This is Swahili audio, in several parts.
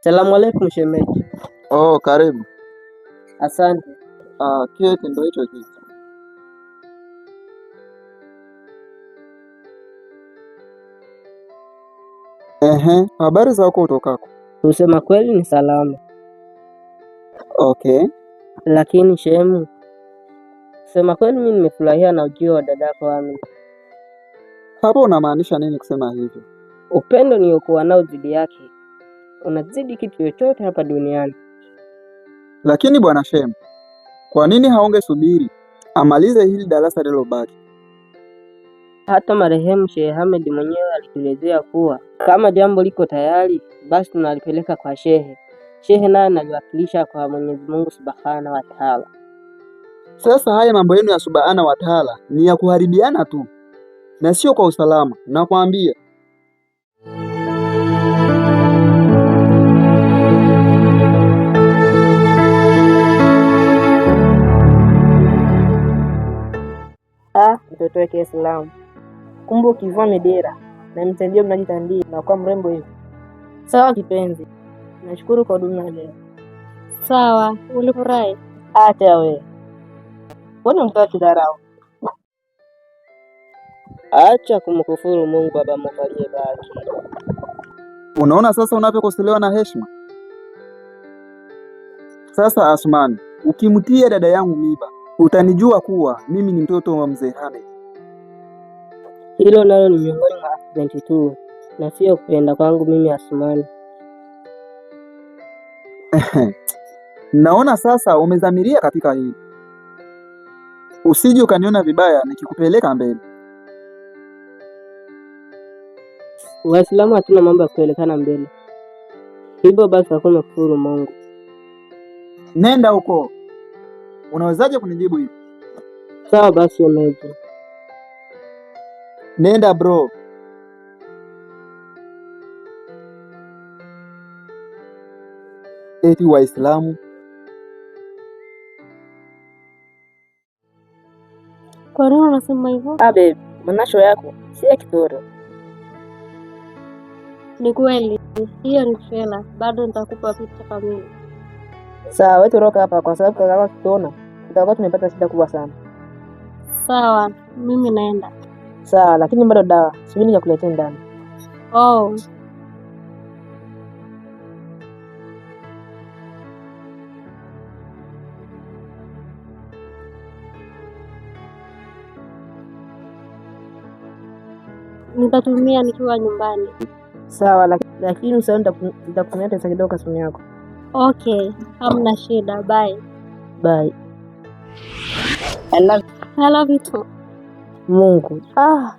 Salamu alaikum shemeji. Oh, karibu. Asante. Ah, kile kindo hicho kitu. Ehe, habari za huko utokako? Kusema kweli ni salama. Okay. Lakini shemu, kusema kweli mimi nimefurahia na ujio wa dadako Amina. Hapo unamaanisha nini kusema hivyo? Upendo niokuwa nao dhidi yake unazidi kitu chochote hapa duniani. Lakini bwana Shem, kwa nini haungesubiri amalize hili darasa lilobaki? Hata marehemu Shehe Hamed mwenyewe alituelezea kuwa kama jambo liko tayari, basi tunalipeleka kwa shehe. Shehe naye analiwakilisha kwa Mwenyezi Mungu Subhana wa Ta'ala. Sasa haya mambo yenu ya Subhana wa Ta'ala ni ya kuharibiana tu na sio kwa usalama, nakwambia. mtoto wake Islam. Kumbe ukivua midera na mtendio mnajitandia na kwa mrembo hivi. Sawa kipenzi, nashukuru kwa huduma leo. Sawa, ulifurahi? Hata wewe mbona mtoa kidharau? Acha kumkufuru Mungu baba mkalie baki. Unaona sasa unavyokosolewa na heshima. Sasa Asmani, ukimtia dada yangu miba utanijua kuwa mimi ni mtoto wa mzee Hamed. Hilo nalo ni miongoni mwa accident tu na sio kupenda kwangu mimi Asmani. Naona sasa umezamiria katika hili, usije ukaniona vibaya nikikupeleka mbele. Waislamu hatuna mambo ya kupelekana mbele, hivyo basi hakuna kufuru Mungu. Nenda huko. Unawezaje kunijibu hivi? Sawa basi, Omeja, nenda bro. Eti Waislamu kwa nini unasema hivyo? Abe, manasho yako si ya kitoro. Ni kweli hiyo ni fela, bado nitakupa picha kamili. Sawa, wewe toroka hapa kwa sababu kaka yako akiona tutakuwa tumepata shida kubwa sana. Sawa, mimi naenda. Sawa, lakini bado dawa subiri nikuletee ndani. Oh. Nitatumia nikiwa nyumbani. Sawa, lakini usahau nitakutumia pesa kidogo kwa simu yako. Okay, hamna shida. Bye. Bye. I love you. I love you too. Mungu. Ah.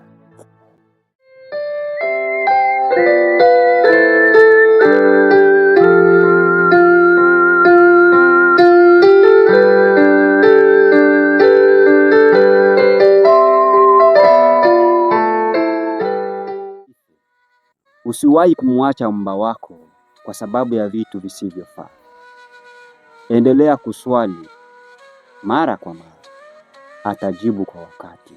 Usiwahi kumwacha mba wako kwa sababu ya vitu visivyofaa. Endelea kuswali mara kwa mara, atajibu kwa wakati.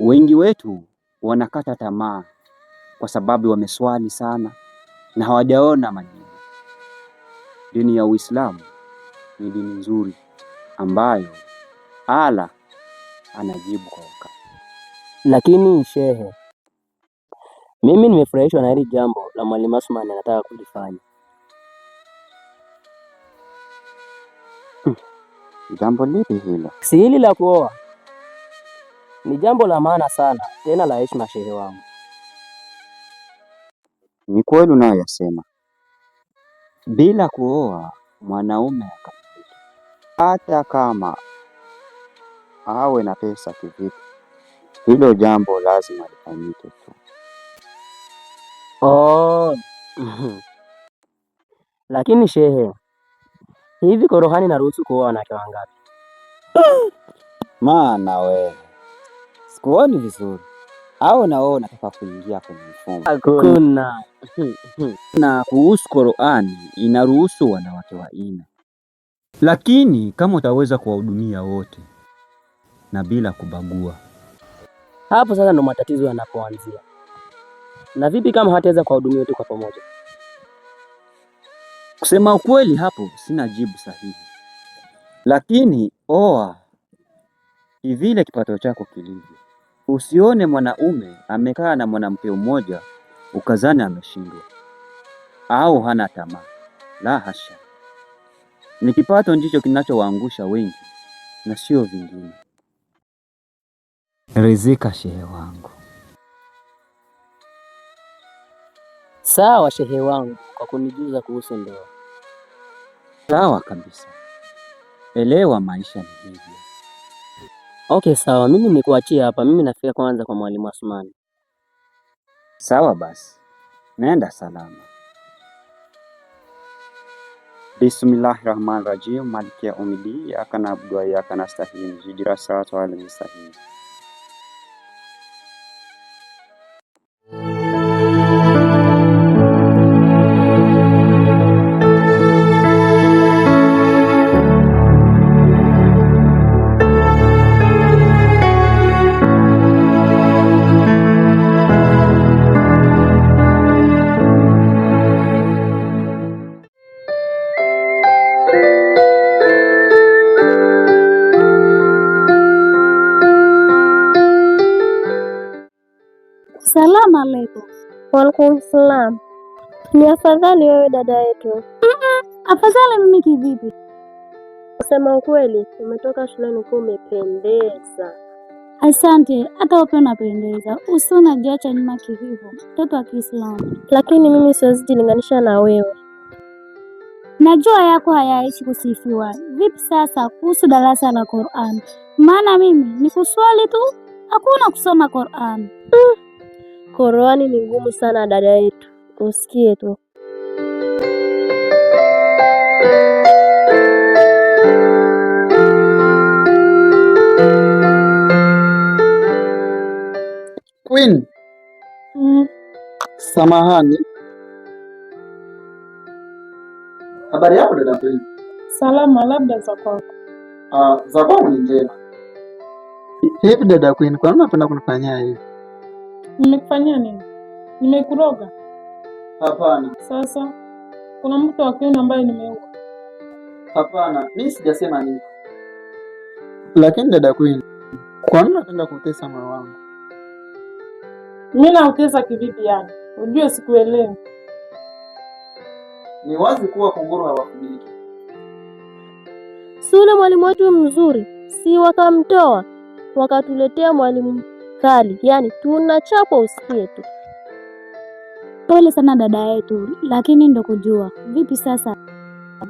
Wengi wetu wanakata tamaa kwa sababu wameswali sana na hawajaona majibu. Dini ya Uislamu ni dini nzuri ambayo ala anajibu kwa wakati. Lakini shehe, mimi nimefurahishwa na hili jambo la mwalimu Asmani anataka kulifanya. Jambo lipi hilo? Si hili la kuoa, ni jambo la maana sana tena la heshima, shehe wangu. Ni kweli unayoyasema, bila kuoa mwanaume akamiliki, hata kama awe na pesa kivipi, hilo jambo lazima lifanyike tu. Oh. Lakini shehe Hivi korohani naruhusu kuoa wanawake wangapi? Maana wewe sikuoni vizuri au na wewe unataka kuingia kwenye mfumo? Hakuna. Na kuhusu Qur'ani inaruhusu wanawake wa ina lakini kama utaweza kuwahudumia wote na bila kubagua, hapo sasa ndo matatizo yanapoanzia. Na vipi kama hataweza kuwahudumia wote kwa pamoja? Kusema ukweli hapo sina jibu sahihi, lakini oa ivile kipato chako kilivyo. Usione mwanaume amekaa na mwanamke mmoja ukazani ameshindwa au hana tamaa. La hasha, ni kipato ndicho kinachowaangusha wengi na sio vingine. Rizika shehe wangu. Sawa shehe wangu, kwa kunijuza kuhusu ndoa. Sawa kabisa, elewa maisha hivyo. Okay, sawa, mimi nikuachia hapa, mimi nafika kwanza kwa mwalimu Asmani. Sawa basi, naenda salama. Bismillahi rahmani rahim maliki ya umidi yakana abdua yakana stahim hijira sawa tawala mustahim Salamu alaikum. Waalaikum salam. Ni afadhali wewe dada yetu? Afadhali mimi kivipi? Kusema ukweli, umetoka shuleni kuwa umependeza. Asante, hata wape unapendeza, usi unajiacha nyuma kihivyo, mtoto wa Kiislamu. Lakini mimi siwezi jilinganisha na wewe, najua yako hayaishi kusifiwa. Vipi sasa kuhusu darasa la Qur'an? Maana mimi ni kuswali tu, hakuna kusoma Qur'an. Mm. Korowani ni ngumu sana dada yetu, usikie tu. Queen. Mm. Samahani. Habari yako dada Queen? Salama, labda za kwako. Ah, za kwangu ni njema. Hivi dada Queen, kwa nini unapenda kunifanyia hivi? Nimekufanyia nini? Nimekuroga? Hapana. Sasa kuna mtu wa ambaye nimeua? Hapana, mimi sijasema nini. Lakini dada Queen, kwa nini unataka kutesa moyo wangu? Mimi nautesa kivipi yani? Ujue sikuelewi. Ni wazi kuwa kunguru hawafugiki. Si yule mwalimu wetu mzuri, si wakamtoa wakatuletea mwalimu kali, yaani tunachapwa usikie tu. Pole sana dada yetu, lakini ndo kujua vipi sasa.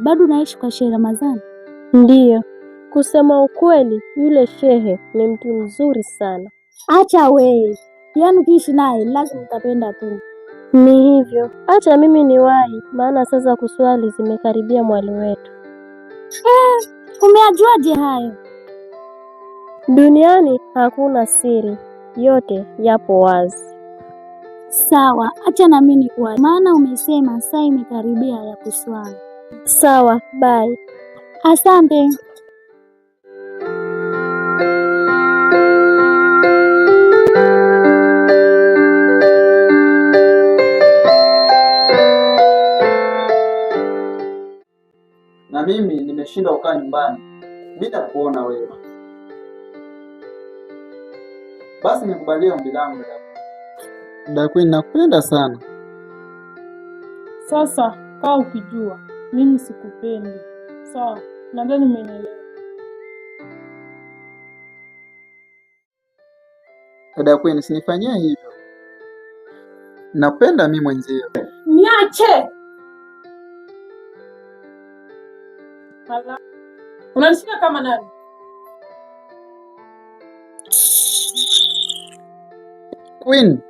Bado naishi kwa Shehe Ramadhani? Ndiyo, kusema ukweli, yule shehe ni mtu mzuri sana. Acha wee, yaani ukiishi naye lazima utapenda tu. Ni hivyo. Acha mimi niwahi, maana sasa kuswali zimekaribia mwali wetu. Eh, umeajuaje hayo? Duniani hakuna siri, yote yapo wazi. Sawa, acha na mimi nikuache, maana umesema saa imekaribia ya kuswali. Sawa, bye. Asante. Na mimi nimeshindwa ukaa nyumbani bila kuona wewe. Basi nikubalie ombi langu dada nakupenda sana. Sasa kaa ukijua mimi sikupendi, sawa? Nadhani umenielewa. Dada Queen, hivyo, nakupenda mimi mwenzio. Niache. Unanishika kama nani? queen